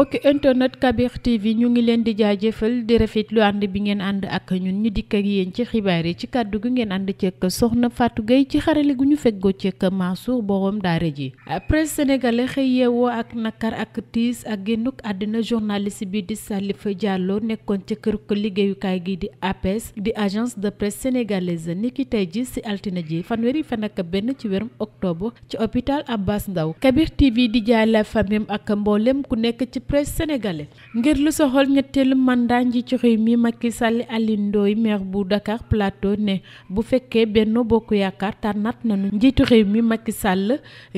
mbokk internet Kabir TV ñu ngi leen di jaajëfal di rafet lu ànd bi ngeen ànd ak ñun ñu dikk ak yéen ci xibaar yi ci kàddu gi ngeen ànd ceeg soxna Fatou Gueye ci xarale gu ñu feggoo ceeg Mansour borom daara ji. presse sénégalais xëy ak nakar ak tiis ak génnuk àddina journaliste bi di fa Diallo nekkoon ci kër liggéeyukaay gi di APS e di agence de presse sénégalaise niki tey ji si altine ji fanweeri fan ak benn ci weerum octobre ci hôpital a Ndao Kabir di jaay la ak mboolem ku nekk ci presse sénégalais ngir lu soxol ñetteelu mandat njiitu réew mi Macky Sall Alioune Ndoye maire bu Dakar Plateau ne bu fekkee benn Bokk Yaakaar tànnaat nañu njiitu réew mi Macky sàll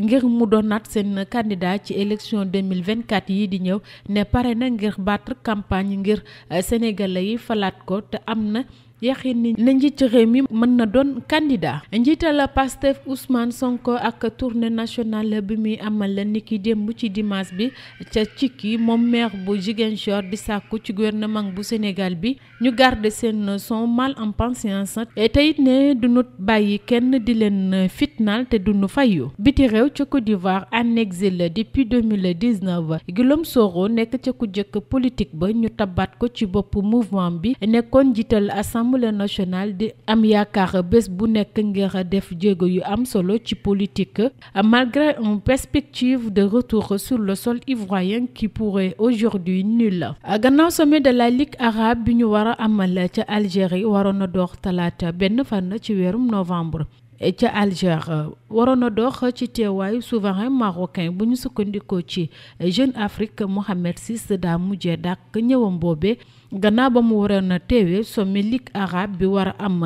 ngir mu doonaat seen candidat ci élection 2024 yi di ñëw ne pare na ngir baat campagne ngir euh, sénégalais yi falaat ko te am na yaxin ni ne njiitu réew mi mën na doon candidat njiital Pastef Ousmane Sonko ak tournée nationale bi muy amal la niki démb ci dimaas bi ca Cikki moom meex bu Ziguinchor di sàkku ci gouvernement bu Sénégal bi ñu garder seen son mal en conscience te it ne duñu bàyyi kenn di leen fitnaal te duñu fayu biti réew ca Côte d'Ivoire en exil depuis 2019 Guillaume Soro nekk ca ku jëkk politique ba ñu tabaat ko ci bopp mouvement bi nekkoon njiital Assemblée assemblée nationale di am yaakaar bés bu nekk ngir def jéego yu am solo ci politique malgré une perspective de retour sur le sol ivoirien qui pourrait aujourd'hui nul gannaaw sommet de la ligue arabe bi ñu war a amal ca Algérie waroon na door talaata benn fan ci weerum novembre ca Alger waroon a dox ci teewaayu souverain marocain bu ñu sukkandiku ci Jeune Afrique Mohamed VI daa mujjee dàq ñëwam boobee gannaaw ba mu waroon a teewee sommet Ligue arabe bi war a am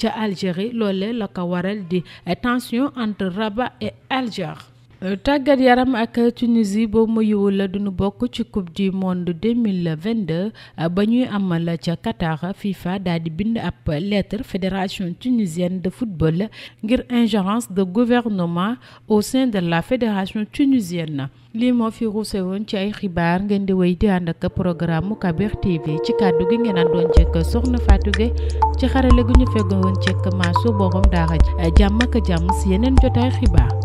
ca Algérie loolee la ko waral di tension entre Rabat et Alger. Euh, tàggat yaram ak Tunisie boo moyiwul la duñu bokk ci coupe du monde 2022 euh, ba ñuy amal ca Qatar FIFA daal di bind ab lettre fédération tunisienne de football ngir ingérence de gouvernement au sein de la fédération tunisienne lii moo fi ruuse woon ci ay xibaar ngeen di wéy di ànd ak programme Kabir ci kàddu gi ngeen àndoon cek soxna Fatou ci xarale gu ñu feggoon cek maasu borom daara jàmm ak jàmm si yeneen jotaay xibaar